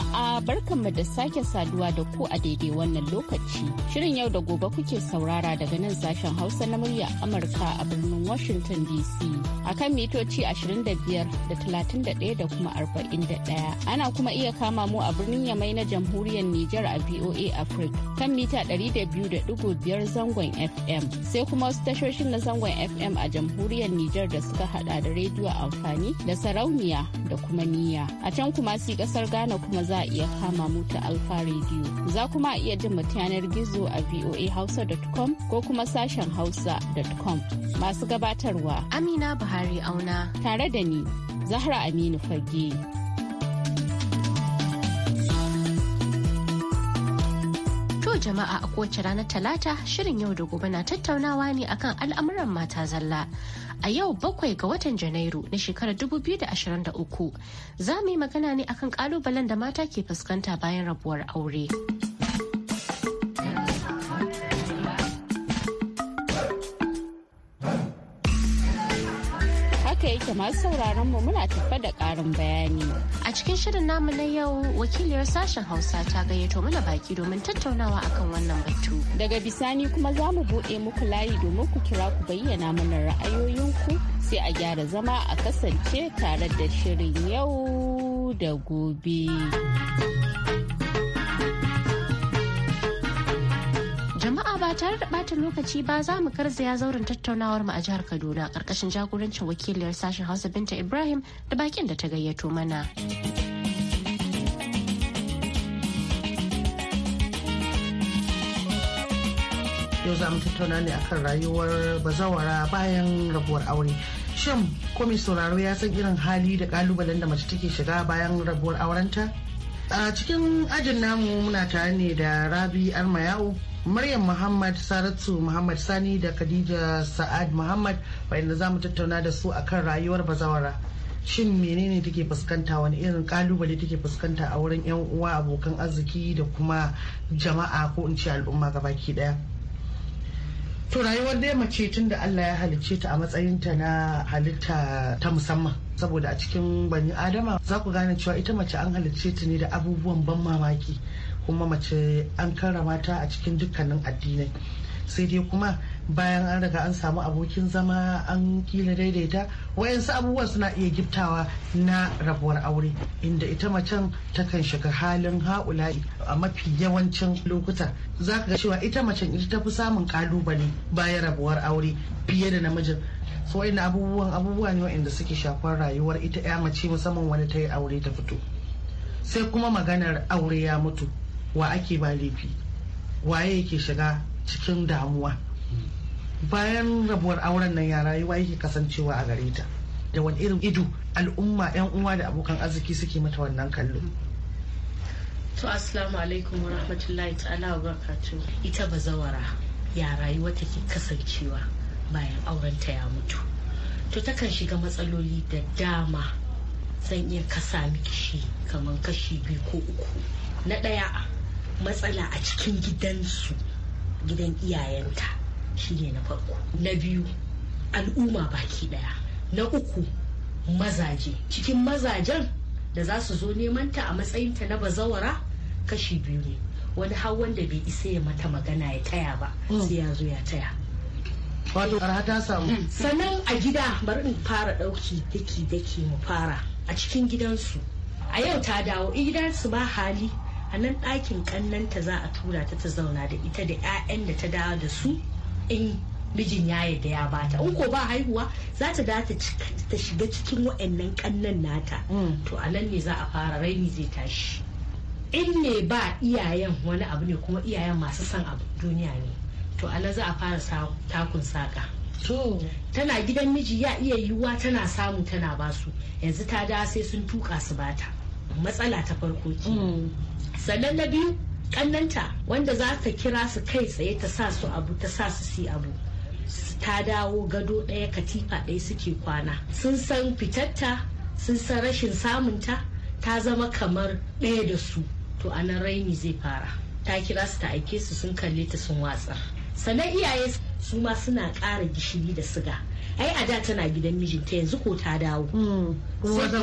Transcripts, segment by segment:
Oh. barkanmu da sake saduwa da ku a daidai wannan lokaci. Shirin yau da gobe kuke saurara daga nan sashen Hausa na murya Amurka a birnin Washington DC. A kan mitoci 25 da 31 da kuma 41. Ana kuma iya kama mu a birnin Yamai na jamhuriyar Nijar a VOA Africa kan mita 200.5 zangon FM. Sai kuma wasu tashoshin na zangon FM a jamhuriyar Nijar da suka hada da rediyo amfani da sarauniya da kuma niyya. A can kuma si kasar Ghana kuma za a iya kama mu ta Alfa Radio. Za kuma iya jin mu yanar gizo a voahausa.com ko kuma sashen hausa.com. Masu gabatarwa Amina Buhari Auna. Tare da ni, Zahra Aminu Fage. jama'a a kowace ranar talata shirin yau da gobe na tattaunawa ne akan al'amuran mata zalla a yau bakwai ga watan Janairu na shekarar 2023 za mu yi magana ne akan kalubalen da mata ke fuskanta bayan rabuwar aure. da masu sauraron mu muna tafa da karin bayani. A cikin shirin namu na yau wakiliyar sashen Hausa ta gayyato mana baki domin tattaunawa akan wannan batu. Daga bisani kuma za mu buɗe muku layi domin ku kira ku bayyana mana ra'ayoyinku sai a gyara zama a kasance tare da shirin yau da gobe. ba tare da bata lokaci ba za mu garzaya zauren tattaunawar mu a jihar Kaduna ƙarƙashin jagorancin wakiliyar sashen Hausa Binta Ibrahim da bakin da ta gayyato mana. Yau za mu tattauna ne akan rayuwar bazawara bayan rabuwar aure. Shin ko mai sauraro ya san irin hali da kalubalen da mace take shiga bayan rabuwar aurenta? A cikin ajin namu muna tare ne da Rabi Armayau Maryam Muhammad Saratu Muhammad Sani da Khadija Sa'ad Muhammad wanda za mu tattauna da su akan rayuwar bazawara. Shin menene take fuskanta wani irin kalubale take fuskanta a wurin 'yan uwa abokan arziki da kuma jama'a ko in ce al'umma gabaki daya. To rayuwar dai mace tun da Allah ya halicce ta a matsayinta na halitta ta musamman. Saboda a cikin bani Adama za ku gane cewa ita mace an halicce ta ne da abubuwan ban mamaki. kuma mace an karrama ta a cikin dukkanin addinai sai dai kuma bayan an riga an samu abokin zama an kila daidaita wayansu abubuwan suna iya giftawa na rabuwar aure inda ita macen takan shiga halin ha'ula'i a mafi yawancin lokuta za ka ga cewa ita macen ita ta fi samun kalubale bayan rabuwar aure fiye da namijin so ina abubuwan abubuwa ne wa'inda suke shafar rayuwar ita ya mace musamman wani ta yi aure ta fito sai kuma maganar aure ya mutu wa ake ba laifi waye yake shiga cikin damuwa bayan rabuwar auren nan ya rayuwa yake kasancewa a gare ta da wani irin ido al'umma yan uwa da abokan arziki suke mata wannan kallo to assalamu alaikum wa rahmatullahi ta'ala wa ita bazawara ya rayuwa take kasancewa bayan aurenta ya mutu to takan shiga matsaloli da dama zan iya kasa miki shi kamar kashi biyu ko uku na ɗaya matsala a cikin gidansu gidan iyayenta shi na farko na biyu al'umma baki daya na uku mazaje cikin mazajen da za su zo nemanta a matsayinta na bazawara kashi biyu ne wani hawan da bai isa ya mata magana ya taya ba sai ya zo ya taya wato ta samu mm. sannan a gida bari in fara dauki daki daki mu fara a cikin gidansu a yau ta dawo gidansu ba hali a nan ɗakin ƙannanta za a tura ta ta zauna da ita da 'ya'yan da ta dawo da su in mijin ya da ya bata in ko ba haihuwa za ta da ta shiga cikin wa'annan ƙannan nata mm. to a nan ne za a fara raini zai tashi in ne ba iyayen wani abu ne kuma iyayen masu son abu duniya ne to a nan za a fara takun saƙa. to tana gidan miji ya iya yiwuwa tana samu tana basu yanzu ta da sai sun tuka su bata matsala ta farko ke sannan na biyu kannanta wanda za ta kira su kai tsaye ta sa su abu ta sa su si abu ta dawo gado ɗaya katifa ɗaya suke kwana sun san fitatta sun san rashin samunta ta zama kamar ɗaya da su to a nan raini zai fara ta kira su ta aike su sun kalle ta sun watsa sannan iyaye su ma suna ƙara gishiri da siga ai a da tana gidan mijinta yanzu ko ta dawo hmm,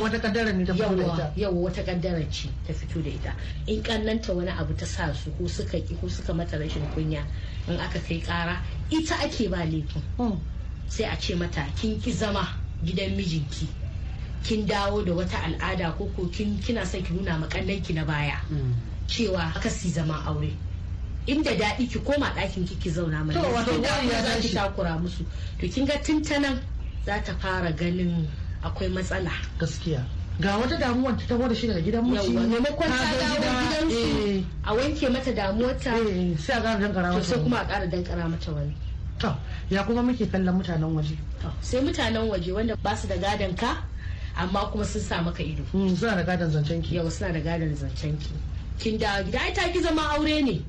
wata kaddara ne ta fito da ita yawa wata kaddara ce ta fito da ita in kannanta wani abu ta sa su ko suka ki ko suka mata rashin kunya in aka kai kara ita ake ba laifin hmm. sai a ce mata kin ki zama gidan mijinki kin dawo da wata al'ada ko ko kin kina son ki nuna makallanki na baya hmm. cewa aka si zama aure inda daɗi ki koma ɗakin ki ki zauna mai to wato za ki takura musu to kin ga tuntanan za ta fara ganin akwai matsala gaskiya ga wata damuwar ta tabo da shi daga gidan muci maimakon ta dawo gidansu eh. a wanke mata damuwarta eh, sai a ƙara dankara mata sai kuma a ƙara dankara mata wani to ya kuma muke kallon mutanen waje sai mutanen waje wanda ba su da gadon ka amma kuma sun sa maka ido hmm, suna da gadon zancen ki yawa suna da gadon zancen ki kin da gida ai ta ki zama aure ne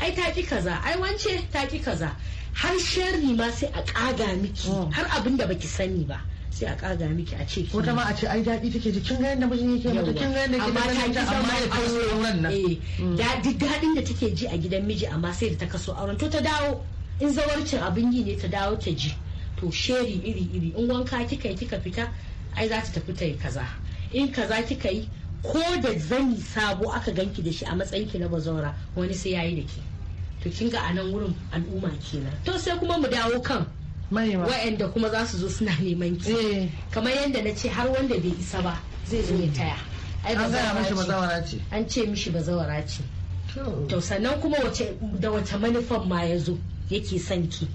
ai ta ki kaza ai wance ta ki kaza har sharri ma sai a kaga miki oh. har abin da baki sani ba sai a kaga miki a ce wata ma a ce ai daɗi take ji kin ga yanda mijin yake mata kin ga yanda gidan amma ta amma ya kaso auren nan eh hmm. dadi daɗin da take ji a gidan miji amma sai da ta kaso auren to ta dawo in zawarcin abin yi ne ta dawo ta ji to sheri iri iri in wanka kika yi kika fita ai za ta tafi ta yi kaza in kaza kika yi ko da zani sabo aka ganki da shi a matsayinki na bazawara wani sai yayi da ke to kin ga anan wurin al'umma kenan to sai kuma mu dawo kan wa'anda kuma za su zo suna neman ki eh. kamar yadda na ce har wanda bai isa ba zai zo ya mm. taya ai bazawara ce an ce mishi bazawara ce to sannan kuma da wace manufan ma ya zo yake son ki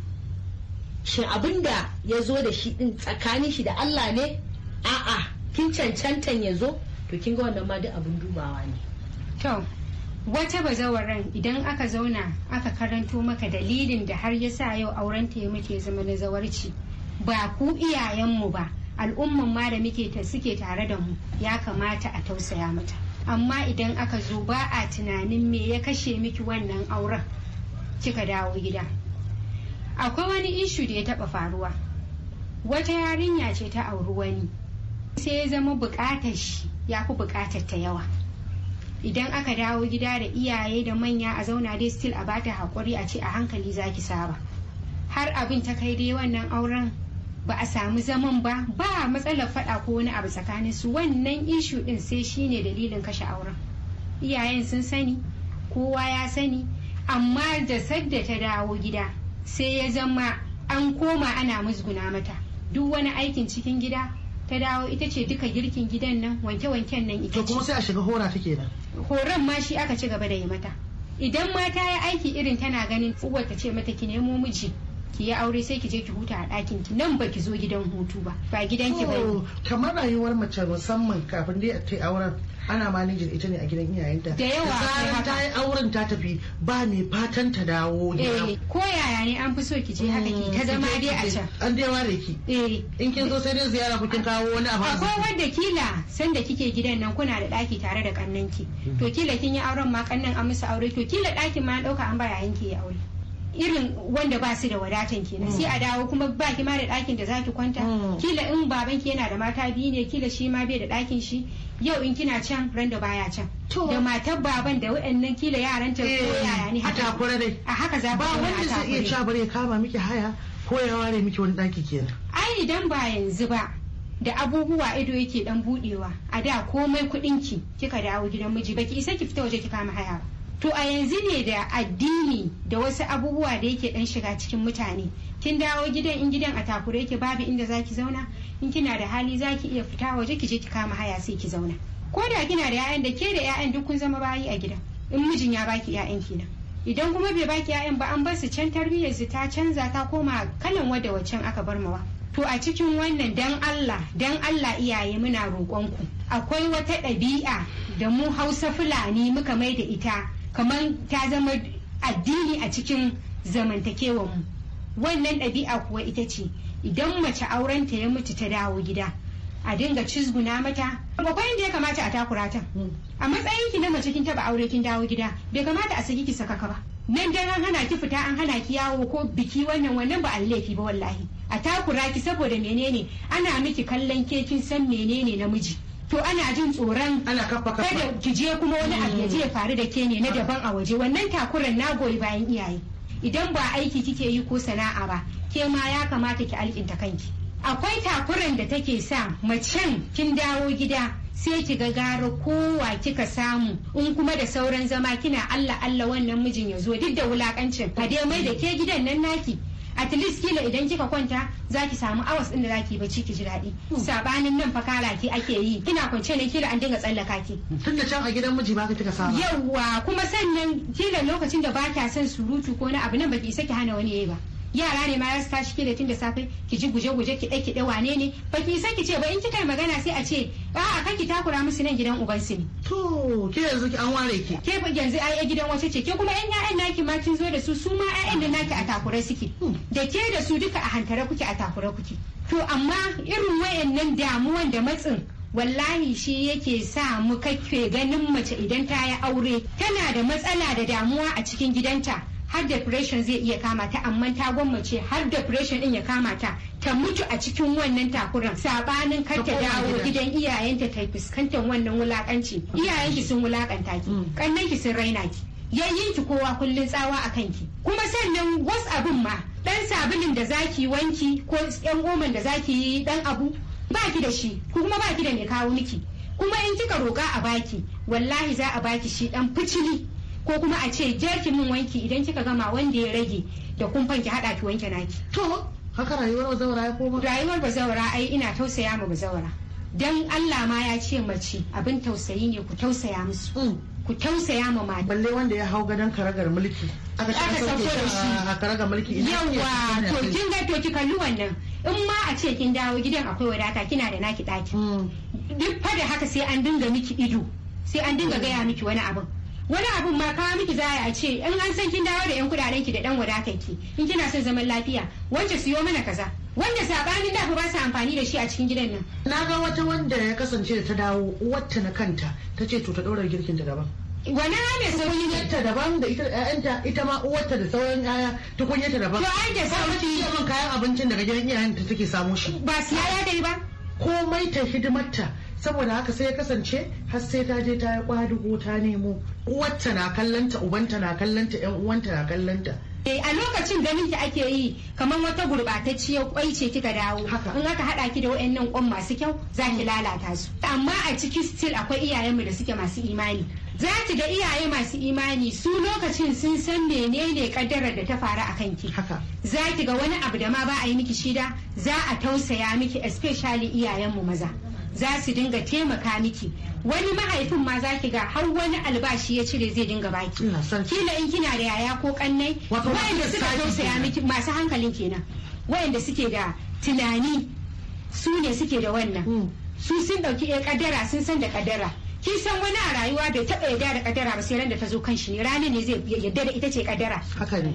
shin abinda ya zo da shi din tsakanin shi da Allah ne a'a kin cancantan ya zo to kin ga wannan ma duk abin dubawa ne to wata bazawaran idan aka zauna aka karanto maka dalilin da har ya sa yau auren ya muke zama na zawarci ba ku iyayenmu ba al'umman ma da muke ta suke tare da mu ya kamata a tausaya mata amma idan aka zo ba a tunanin me ya kashe miki wannan auren kika dawo gida akwai wani ishu da ya taba faruwa wata yarinya ce ta auri wani sai ya zama bukatar shi ya fi bukatar ta yawa idan aka dawo gida da iyaye da manya a zauna dai still a bata haƙuri a ce a hankali za zaki saba har abin ta kai dai wannan auren ba a samu zaman ba ba matsalar faɗa ko wani abu tsakanin su wannan ishu ɗin sai shine dalilin kashe auren iyayen sun sani kowa ya sani amma da sadda ta dawo gida sai ya zama an koma ana musguna mata duk wani aikin cikin gida ta dawo ita ce duka girkin gidan nan wanke-wanken nan ita ce. kuma sai a shiga hora take nan. Horon ma shi aka ci gaba da yi mata. Idan mata ya aiki irin tana ganin uwar ta ce mata ki nemo miji ki yi aure sai ki je ki huta a ɗakin ki nan ba ki zo gidan hutu ba ba gidan ki ba kamar rayuwar mace musamman kafin dai ta yi auren ana nijin ita ne a gidan iyayenta da yawa bayan ta yi auren ta tafi ba mai fatan ta dawo ne eh, ko yaya ne an fi so ki je haka ki ta mm, zama dai a can an dai ware ki eh in kin zo sai dai ziyara ku kin kawo wani abu akwai wanda kila san da kike gidan nan kuna da ɗaki tare da kannanki to kila kin yi auren ma kannan an musu aure to kila ɗakin ma an ɗauka an ba yayin ki yi aure irin wanda ba su da wadatan kenan sai a dawo kuma ba ki ma da ɗakin da zaki kwanta mm. kila in baban ki yana da mata biyu ne kila shi ma bai da ɗakin shi yau in kina can ran da baya can da matar baban da waɗannan kila yaran ta eh, yaya ne haka a haka za ba wanda zai iya cewa bare kama miki haya ko ya ware miki wani ɗaki kenan ai idan ba yanzu ba da abubuwa ido yake dan budewa a da komai kuɗin ki kika dawo gidan miji baki isa ki fita waje ki kama haya ba to a yanzu ne da addini da wasu abubuwa da yake dan shiga cikin mutane kin dawo gidan in gidan a takure yake babu inda zaki zauna in kina da hali zaki iya fita waje ki je ki kama haya sai ki zauna ko da kina da 'ya'yan da ke da 'ya'yan duk kun zama bayi a gida in mijin ya baki 'ya'yan na? idan kuma bai baki 'ya'yan ba an bar su can tarbiyyar su ta canza ta koma kalan wadda waccan aka bar mawa to a cikin wannan dan Allah dan Allah iyaye muna roƙonku akwai wata ɗabi'a da mu Hausa Fulani muka mai da ita kamar ta zama addini a cikin zamantakewar mu wannan ɗabi'a kuwa ita ce idan mace aurenta ya mutu ta dawo gida a dinga cizguna mata akwai da ya kamata a takura ta a matsayin ki na mace kin taba aure kin dawo gida bai kamata a saki ki saka ba nan dan an hana ki fita an hana ki yawo ko biki wannan wannan ba allafi ba wallahi a takura ki saboda menene ana miki kallon ke kin san menene namiji to ana jin tsoron kada ki je kuma wani abu ya je ya faru da ke ne na mm. daban a waje wannan takuran na goyi bayan iyaye idan ba aiki kike yi ko sana'a ba ke ma ya kamata ki alkinta kanki akwai takuran da take sa macen kin dawo gida sai ki ga gara kowa kika samu in kuma da sauran zama kina Allah Allah wannan mijin ya zo duk da wulakancin a mai da ke gidan nan naki at least kila idan kika kwanta zaki samu awas din da zaki bacci ki ji daɗi hmm. sabanin nan fakara ki ake yi kina kwance ne kila an dinga tsallaka ki tunda can a gidan miji ma ka kika saba yawa kuma sannan kila lokacin da ba kya son surutu ko na abu nan baki isa ki hana wani yayi ba yara ne ma za su tashi da tun da safe ki ji guje guje ki ɗaki ɗe wane ne ba ki san ki ce ba in kika magana sai a ce a'a kan ki takura musu nan gidan uban su ne. to ke yanzu ki an ware ki. ke yanzu ai gidan wace ce ke kuma yan ƴaƴan naki ma kin zo da su su ma ƴaƴan da naki a su suke hmm. da ke da su duka a hantare kuke a takure kuke. to amma irin wayannan damuwan da matsin wallahi shi yake sa mu kake ganin mace idan ta yi aure tana da matsala da damuwa a cikin gidanta har depression zai iya kama ta amma ta gwammace har depression din ya kama ta ta mutu a cikin wannan takuran sabanin karta dawo gidan iyayenta ta fuskantar wannan wulakanci iyayenki sun wulakanta ki kannanki mm. sun raina ki yayyinki kowa kullun tsawa a kanki kuma sannan wasu abin ma dan sabulin da zaki wanki ko yan goma da zaki yi dan abu baki da shi ko kuma baki da mai kawo miki kuma in kika roka a baki wallahi za a baki shi dan fitili ko kuma a ce jerki ki min wanki idan kika gama wanda ya rage da kumfan ki hada ki wanke naki to haka rayuwar bazawara ya koma rayuwar bazawara ai ina tausaya ma bazawara dan Allah ma ya ce mace abin tausayi ne ku tausaya musu mm. ku tausaya ma mata balle wanda ya hau gadon karagar mulki aka sauko da shi a karagar mulki yawa to kin ga to ki kalli wannan in ma a ce kin dawo gidan akwai wadata kina da naki daki mm. duk fa da haka sai an dinga miki ido sai an dinga mm. gaya miki wani abin wani abun ma kawo miki zaya a ce in an san kin dawo da yan kudaden ki da dan wadatar ki in kina son zaman lafiya wance siyo mana kaza wanda sabanin da ba su amfani da shi a cikin gidan nan na ga wata wanda ya kasance da ta dawo wata na kanta ta ce to ta daura girkin da daban wani ne sauyi ta daban da ita ƴaƴanta ita ma uwarta da sauran ƴaƴa ta daban to ai da sauki kayan abincin daga gidan iyayen ta take samu shi ba siya dai ba komai ta hidimarta saboda haka sai ya kasance har sai ta je ta yi kwadugo ta nemo uwarta na kallanta ubanta na kallanta yan uwanta na kallanta eh, a lokacin ganin ki ake yi kamar wata gurbatacciya kwai ce kika dawo in aka hada ki da wayannan kwan masu kyau za ki mm. lalata su amma a ciki still akwai iyayenmu da suke masu imani za ki ga iyaye masu imani su lokacin sun san menene kaddarar da ta faru a kanki za ki ga wani abu da ma ba a yi miki shida za a tausaya miki especially iyayenmu maza za su dinga taimaka miki wani mahaifin ma za ki ga har wani albashi ya cire zai dinga baki kila in kina da yaya ko kannai wayanda suka saya miki masu hankalin kenan wayanda suke da tunani su ne suke da wannan hmm. su sun dauki ya eh, kadara sun san da kadara kin san wani a rayuwa bai taba yadda da kadara ba sai ran da ta zo kan shi ne ranar ne zai yarda da ita ce kaddara haka ne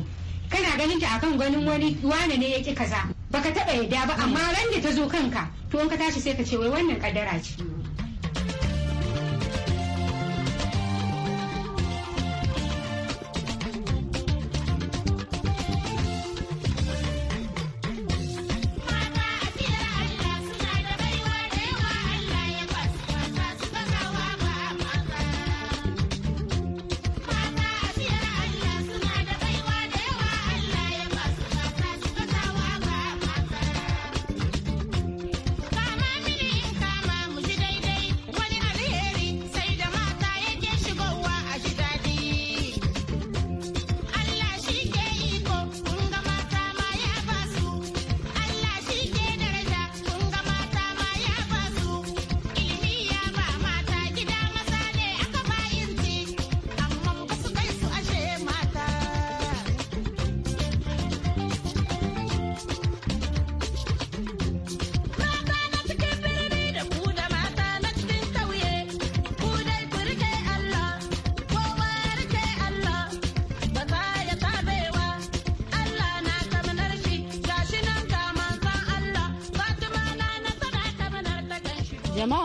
kana ganin ta akan ganin wani wane ne ya ki kaza baka taɓa yadda ba amma mm. ran da ta zo kanka to in ka tashi sai ka ce wai wannan kaddara ce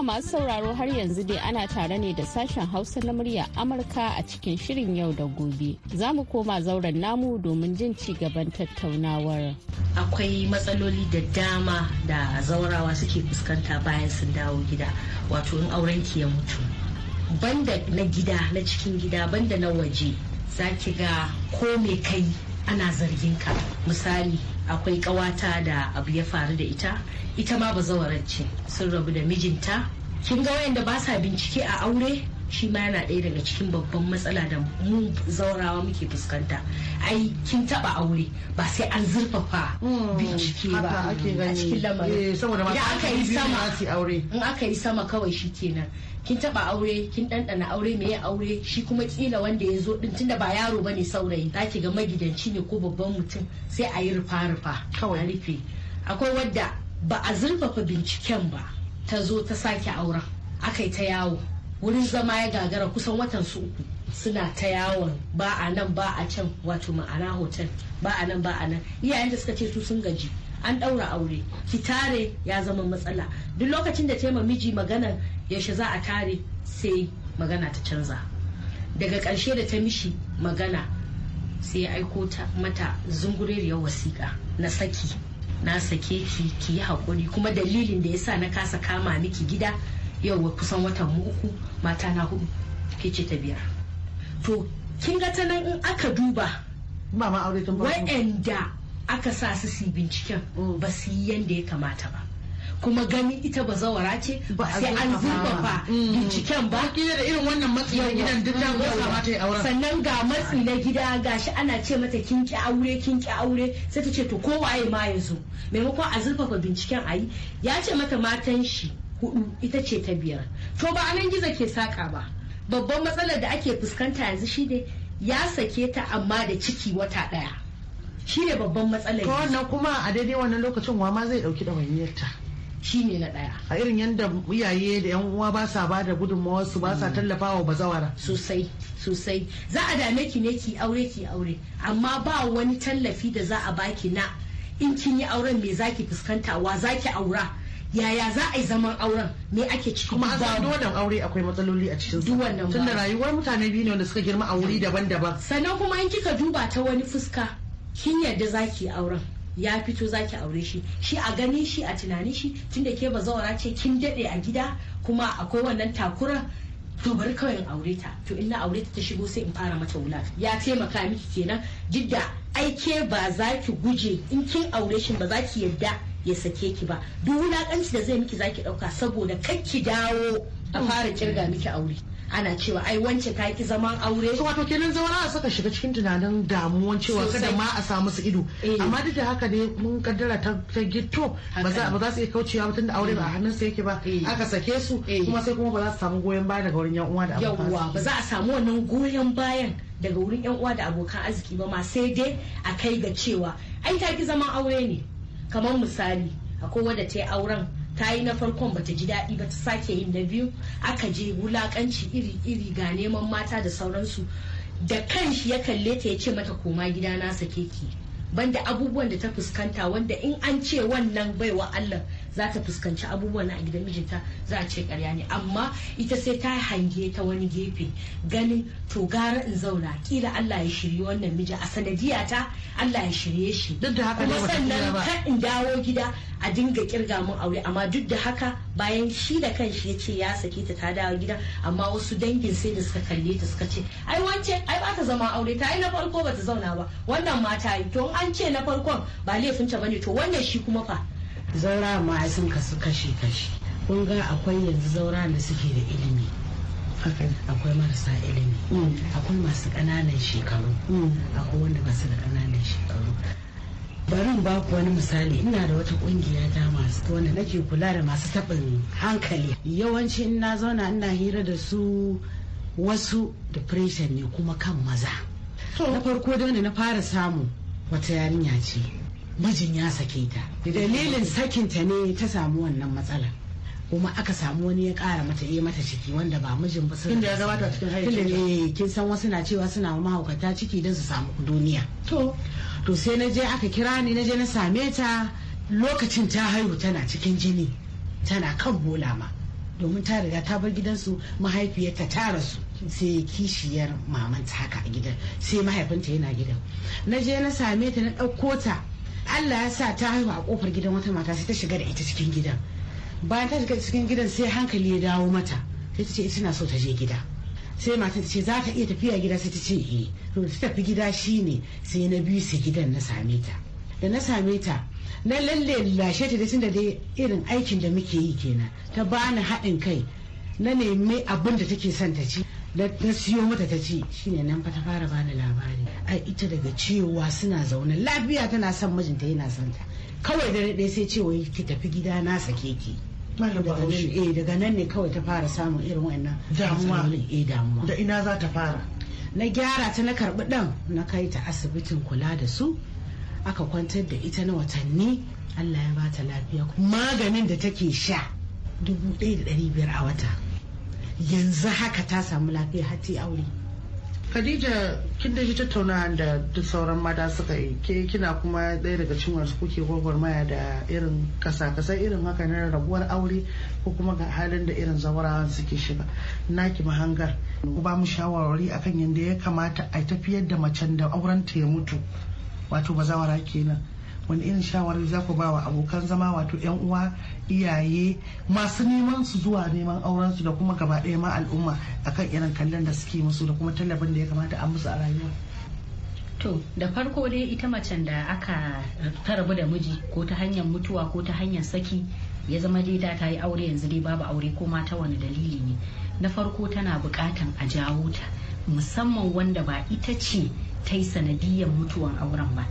masu sauraro har yanzu dai ana tare ne da sashen Hausa na murya Amurka a cikin shirin yau da gobe. Za mu koma zauren namu domin jin ci gaban tattaunawar. Akwai matsaloli da dama da zaurawa suke fuskanta bayan sun dawo gida, wato in auren ki ya mutu. Banda na gida na cikin gida banda na waje za ki ga ko me kai ana zargin ka misali akwai kawata da abu ya faru da ita ita ma ba ce sun rabu da mijinta kin ga wayanda ba sa bincike a aure shi ma yana ɗaya daga cikin babban matsala da mu zaurawa muke fuskanta ai kin taba aure ba sai an zurfafa hmm, bincike ba a cikin lamarin eh, idan aka yi sama in aka yi sama kawai shi kenan kin taba aure kin ɗanɗana aure me ya aure shi kuma kila wanda ya zo din tunda ba yaro ba ne saurayi zaki ga magidanci ne ko babban mutum sai a yi rufa rufa kawai rufe akwai wadda ba a zurfafa binciken ba ta zo ta sake auren aka yi ta yawo wurin zama ya gagara kusan watan su uku suna ta yawon ba a nan ba a can wato ma'ana hotel ba a nan ba a nan iyayen da suka ce su sun gaji an daura aure ki tare ya zama matsala duk lokacin da taimaka miji magana yaushe za a tare sai magana ta canza daga ƙarshe da ta mishi magana sai ya aiko mata zunguriyar wasiƙa na saki na sake ki ki yi haƙuri kuma dalilin da yasa na kasa kama miki gida yau kusan watan mu uku mata na hudu ke ce ta biyar to kin ga ta nan in aka duba ba ma aure tun wa'anda aka sa su su binciken mm. ba su yi yanda ya kamata ba kuma gani ita ba zawara ce ba sai an zurfafa mm. binciken ba kila da irin wannan matsi na gidan duk ta ba sa ta yi sannan ga matsi na gida gashi ana ce mata kin ki aure kin ki aure sai ta ce to ko waye ma yanzu maimakon a zurfafa binciken ayi ya ce mata matan shi hudu ita ce ta biyar to ba anan gizo ke saka ba babban matsalar da ake fuskanta yanzu shi ne ya sake ta amma da ciki wata daya shi ne babban matsalar to wannan kuma a daidai wannan lokacin wa ma zai dauki ɗawainiyarta shine na daya a irin yadda iyaye da yan uwa ba sa ba da gudunmawa su ba sa mm. tallafawa bazawara sosai sosai za a dame ki ne ki aure ki aure amma ba wani tallafi da za a baki na in kin yi auren me zaki fuskanta wa zaki aura yaya za a yi zaman auren me ake ciki kuma a san wannan aure akwai matsaloli a cikin duk wannan tunda rayuwar mutane biyu ne wanda suka girma a wuri mm. daban-daban sannan kuma in kika duba ta wani fuska kin yarda zaki auren ya fito zaki aure shi shi a ganin shi a tunanin shi tunda ke ba bazawara ce kin dade a gida kuma akwai wannan takura to bari kawai in aure ta to in na aure ta ta shigo sai in fara mata wula ya taimaka miki kenan duk aike ba za ki guje in kin aure shi ba za ki yadda ya sake ki ba duk wulakanci da zai miki zaki dauka saboda kar dawo a fara kirga miki aure ana cewa ai wance ta ki zaman aure. wato kenan zaura a saka shiga cikin tunanin damuwan cewa kada ma a samu su ido. Eh. Amma duk da haka dai mun kaddara ta ta gitto ba za su iya kaucewa mutum da aure ba a eh. hannun sa yake ba eh. aka sake su kuma sai kuma ba za su samu goyon baya daga wurin yan uwa da abokan. Yawwa ba za a samu wannan goyon bayan daga wurin yan uwa da abokan arziki ba ma sai dai a kai ga cewa ai ta ki zaman aure ne kamar misali akwai wadda ta yi auren ta yi na farkon bata ji daɗi ba ta sake yin na biyu aka je wulakanci iri-iri ga neman mata da sauransu da kan shi ya kalle ta ya ce mata koma gida na sake ki banda abubuwan da ta fuskanta wanda in an ce wannan baiwa Allah za ta fuskanci abubuwan a gidan mijinta za a ce karya ne amma ita sai ta hange ta wani gefe ganin to gara in zauna kila Allah ya shirye wannan miji a sanadiyata ta Allah ya shirye shi duk da haka kuma sannan ka in dawo gida a dinga kirga mun aure amma duk da haka bayan shi da kanshi ya ce ya sake ta ta dawo gida amma wasu dangin sai da suka kalle ta suka ce ai wance ai ba ta zama aure ta ai na farko ba ta zauna ba wannan mata yi to an ce na farkon ba laifin ta bane to wannan shi kuma fa zaura ma sun kasu kashi-kashi kun ga akwai yanzu zaura da suke da ilimi akwai marasa ilimi mm. akwai masu ƙananan shekaru mm. akwai wanda masu da ƙananan shekaru barin ba ku wani misali ina da wata kungiya ta masu wanda nake kula da masu taɓin hankali yawanci ina na zauna ina hira da su wasu depression ne kuma kan maza na farko da na fara samu wata yarinya ce mijin ya sake ta dalilin sakin ta ne ta samu wannan matsala kuma aka samu wani ya kara mata yi mata ciki wanda ba mijin ba sun ya gabata cikin kin san wasu na cewa suna mahaukata ciki don su samu duniya to sai na je aka kira ni na je na same ta lokacin ta haihu tana cikin jini tana kan bola ma domin ta riga ta bar gidansu mahaifiyarta ta rasu sai kishiyar mamanta haka a gidan sai mahaifinta yana gidan na je na same ta na ɗauko ta Allah ya sa ta haihu a kofar gidan wata mata sai ta shiga da ita cikin gidan bayan ta shiga cikin gidan sai hankali ya dawo mata sai ta ce ita na so ta je gida sai matan ta ce za ta iya tafiya gida sai ta ce eh to ta tafi gida shine sai na biyu sai gidan na same ta da na same ta na lalle lashe ta da tunda dai irin aikin da muke yi kenan ta bani haɗin kai na nemi abin da take son ta ci na siyo mata ta ci shine nan fa ta fara bani labari A ita daga cewa suna zaune lafiya tana son mijinta yana son ta kawai dare ɗaya sai cewa ki tafi gida na sake ki eh, daga nan ne kawai ta fara samun irin wannan damuwa eh, damuwa da ina za ta fara na gyara ta na karɓi ɗan na kai ta asibitin kula da su aka kwantar da ita na watanni Allah ya ba ta lafiya maganin da take sha dubu ɗaya da ɗari biyar a wata yanzu haka ta samu lafiya har ta aure Khadija kin da shi tattauna da duk sauran mata suka yi ke kina kuma ɗaya daga cikin wasu kuke gwagwarmaya da irin kasa kasa irin haka na rabuwar aure ko kuma ga halin da irin zawarawan suke shiga naki mahangar ku ba mu shawarwari akan yadda ya kamata a tafiyar da macen da auren ta ya mutu wato bazawara kenan wani irin shawarar za ku ba wa abokan zama wato 'yan uwa iyaye masu neman su zuwa neman auren su da kuma gaba ɗaya ma al'umma akan irin kallon da suke musu da kuma tallafin da ya kamata a musu a rayuwa To da farko dai ita macen da aka ta rabu da miji ko ta hanyar mutuwa ko ta hanyar saki ya zama dai da ta yi aure yanzu dai babu aure ko ma ta wani dalili ne na farko tana bukatan a jawo ta musamman wanda ba ita ce ta yi sanadiyar mutuwan auren ba.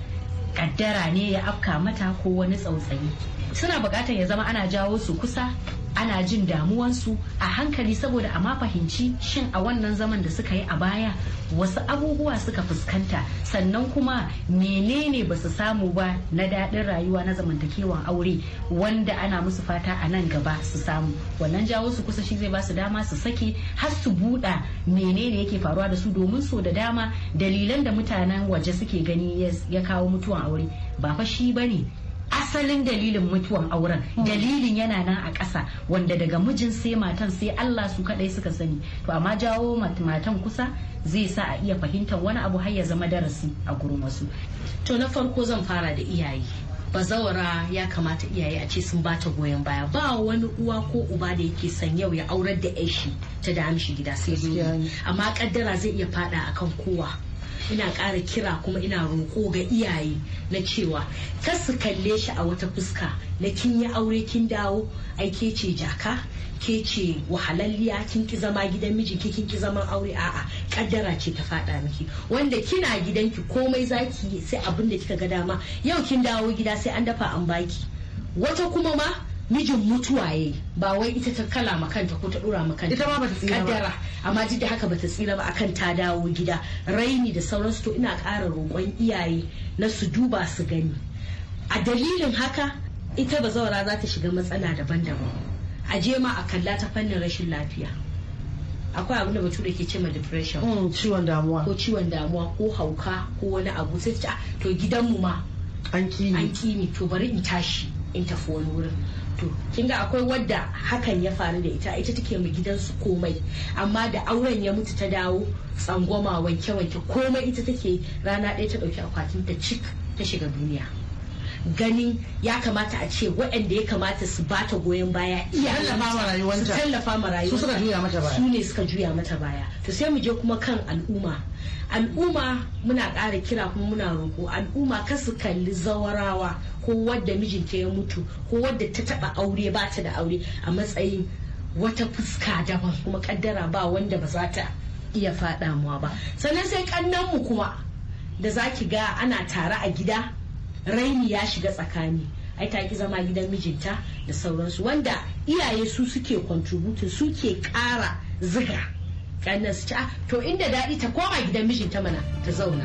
kaddara ne ya afka mata ko wani tsautsayi suna bukatar ya zama ana jawo su kusa ana jin damuwansu a hankali saboda a ma fahimci shin a wannan zaman da suka yi a baya wasu abubuwa suka fuskanta sannan kuma menene ba su samu ba na daɗin rayuwa na zamantakewan aure wanda ana musu fata a nan gaba su samu wannan jawo su kusa shi zai ba su dama su sake har su buɗa menene yake faruwa da su domin so da dama dalilan da mutanen waje suke gani ya kawo mutuwan aure ba fa shi bane asalin dalilin mutuwan auren dalilin yana nan a ƙasa wanda daga mijin sai matan sai Allah su kadai suka sani to amma jawo matan kusa zai sa a iya fahimtar wani abu har ya zama darasi a gurin wasu to na farko zan fara da iyaye bazawara ya kamata iyaye a ce sun bata goyon baya ba wani uwa ko uba da yake son yau ya aurar da shi ta da amshi gida sai amma kaddara zai iya fada akan kowa ina ƙara kira kuma ina roƙo ga iyaye na cewa kar su kalle shi a wata fuska na kin yi aure kin dawo ai ke ce jaka ke ce wahalalliya kin ki zama gidan miji ki kin ki zaman aure a'a kaddara ce ta fada miki wanda kina gidanki komai zaki yi sai abin da kika ga dama yau kin dawo gida sai an dafa an baki wata kuma ma mijin mutuwa yayi ba wai ita ta kala ma kanta ko ta dura ma ita ma ta tsira kaddara amma duk da haka ba ta tsira ba akan ta dawo gida raini da sauransu to ina ƙara roƙon iyaye na su duba su gani a dalilin haka ita zaura za ta shiga matsala daban-daban a je ma a kalla ta fannin rashin lafiya akwai abin da da ke ce ma depression hmm, ciwon damuwa ko ciwon damuwa ko hauka ko wani abu sai ta ah, to gidanmu ma an kini to bari in tashi in tafi wani wurin to kin ga akwai wadda hakan ya faru da ita ita take mu gidansu komai amma da auren ya mutu ta dawo tsangwama wanke wanke komai ita take rana ɗaya ta ɗauki akwatin ta cik ta shiga duniya ganin ya kamata a ce waɗanda ya kamata su ba ta goyon baya iya su tallafa ma rayuwanta su ne suka juya mata baya to sai mu je kuma kan al'umma al'umma muna ƙara kira kuma muna roƙo al'umma kar su kalli zawarawa ko wadda mijinta ya mutu ko wadda ta taba aure ba ta da aure a matsayin wata fuska daban kuma kaddara ba wanda ba za ta iya faɗa muwa ba sannan sai kannanmu kuma da zaki ki ga ana tare a gida raini ya shiga tsakani ai ta ki zama gidan mijinta da sauransu wanda iyaye su suke contributing suke ƙara ziga kannan su ci ah, to inda daɗi ta koma gidan mijinta mana ta zauna.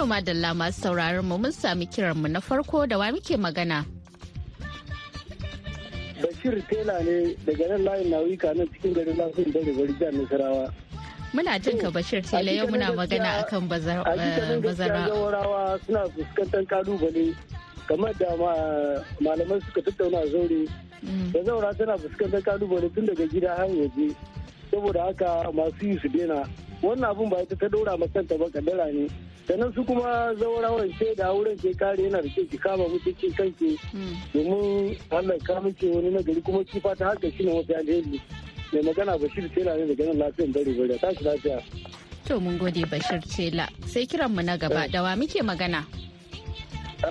To madalla masu sauraron mu mun sami kiran mu na farko da wa muke magana. Bashir Tela ne daga nan layin Nawika nan cikin garin Lafiyan da gari jihar Nasarawa. Muna jin ka Bashir Tela yau muna magana akan eh, bazara. Bazara suna fuskantar kalubale kamar da malaman suka tattauna zaure. Mm. zaura tana fuskantar kalubale tun daga gida har waje. Saboda haka masu yi su dena. Wannan abun ba ita ta ɗora ma kanta ba kadara ne. sannan su kuma zaurawan ce da wurin ke kare yana da kyau ki kama mutunci kanki hmm. domin Allah ya kama ce wani nagari kuma ki fata haka shi ne mafi alheri mai magana Bashir Tela ne daga nan lafiyan dare bari ta shi lafiya to mun gode Bashir Tela sai kiran mu na gaba da wa muke magana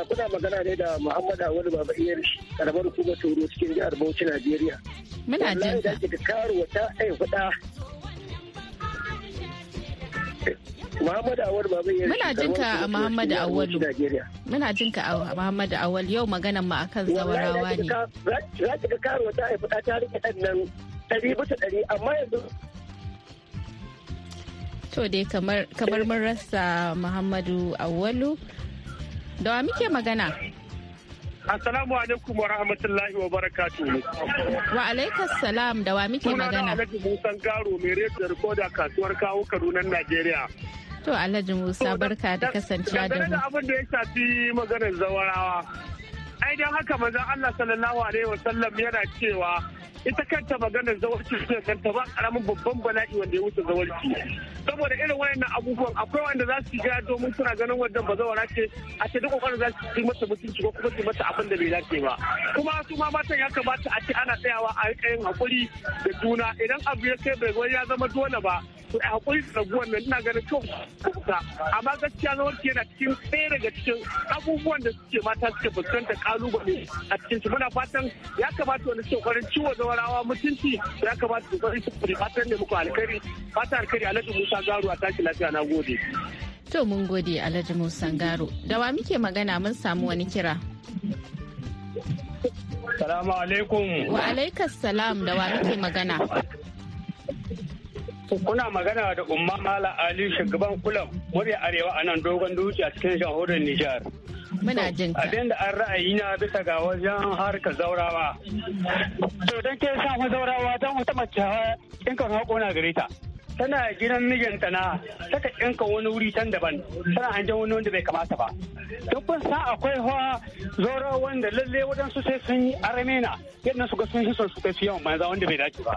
kuna magana ne da Muhammad awali Baba Iyar karamar hukumar tauro cikin jihar Bauchi Najeriya muna jin ka da karuwa ta ai Muhammadu Awal baba ya Muna jinka Muhammadu Awal. Muna a Muhammadu Awal yau maganan ma akan zawarawa ne. Za ki ga karo ta haifi ta rike ɗan nan ɗari bisa ɗari amma yanzu To dai kamar mun rasa Muhammadu Awalu. Da wa muke magana? Assalamu alaikum wa rahmatullahi wa barakatu. Wa alaikas salam da wa muke magana? Sunana Alhaji Musan Garo mai rediyo da rikoda kasuwar kawo Kaduna Najeriya. To Alhaji Musa barka da kasancewa da mu. da abin da ya shafi maganar zawarawa ai dan haka manzon Allah sallallahu alaihi Sallam yana cewa ita kanta maganar zawarci ce kanta ba karamin babban bala'i wanda ya wuce zawarci saboda irin wayannan abubuwan akwai wanda za su ga domin suna ganin wannan ba zawara ce a ce duk kokarin za su yi mata mutunci ko kuma su mata abin da bai dace ba kuma su ma matan ya kamata a ce ana tsayawa a rika yin hakuri da juna idan abu ya kai bai ya zama dole ba to a hakuri da raguwar nan ina ganin to amma gaskiya zawarci yana cikin ɗaya daga cikin abubuwan da suke mata suke fuskantar kalubale a cikin su muna fatan ya kamata wani su ciwo da warawa mutunci ya kamata su kokarin su fatan ne muku alkari fata alkari alhaji musa garu a tashi lafiya na gode. to mun gode alhaji musa garu da wa muke magana mun samu wani kira. salamu alaikum. wa alaikas salam da wa muke magana. kuna magana da umma mala ali shugaban kulam murya arewa a nan dogon dutse a cikin jamhuriyar nijar muna jin ka abin da an ra'ayi na bisa ga wajen harkar zaurawa to don ke sa zaurawa don wata mace in kan haƙo na gare ta tana gidan mijinta na saka kan wani wuri can daban tana hanjan wani wanda bai kamata ba Duk kun sa akwai hawa zaurawa wanda lalle wajen su sai sun yi aramena yadda su ga sun shi su kai su yawan banza wanda bai dace ba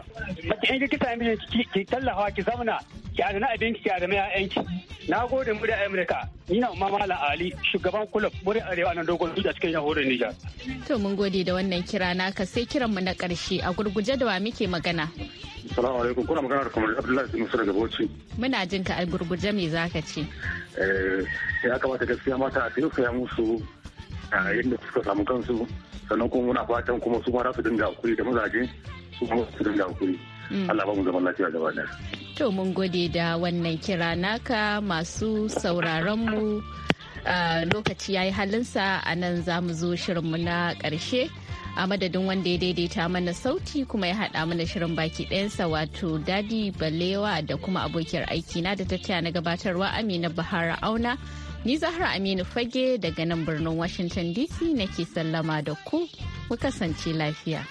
mace in kisa mijin ki tallafa ki zamana ki adana abinki ki adana ya'yanki na gode mu da amurka ni na umma malam ali shugaban kulub muri arewa nan dogon dutse cikin yahurin nijar to mun gode da wannan kira naka sai kiranmu na karshe a gurguje da wa muke magana Salamu alaikum kuna magana da kamar Abdullahi Sinu daga Bauchi. Muna jin ka a gurguje me zaka ce? Eh ya kamata gaskiya mata a tausaya musu yadda suka samu kansu sannan kuma muna fatan kuma su ma za su dinga hakuri da mazaje su ma su dinga hakuri. Mm. Allah ba mu zama lafiya gaba to mun gode da wannan kira naka masu sauraron mu lokaci yi halinsa a nan za mu zo shirinmu na ƙarshe a madadin wanda ya daidaita mana sauti kuma ya haɗa mana shirin baki ɗayansa wato dadi balewa da kuma abokiyar aiki na da tattaya na gabatarwa amina bahara auna ni zahra aminu fage daga nan birnin washington dc nake sallama da ku mu kasance lafiya.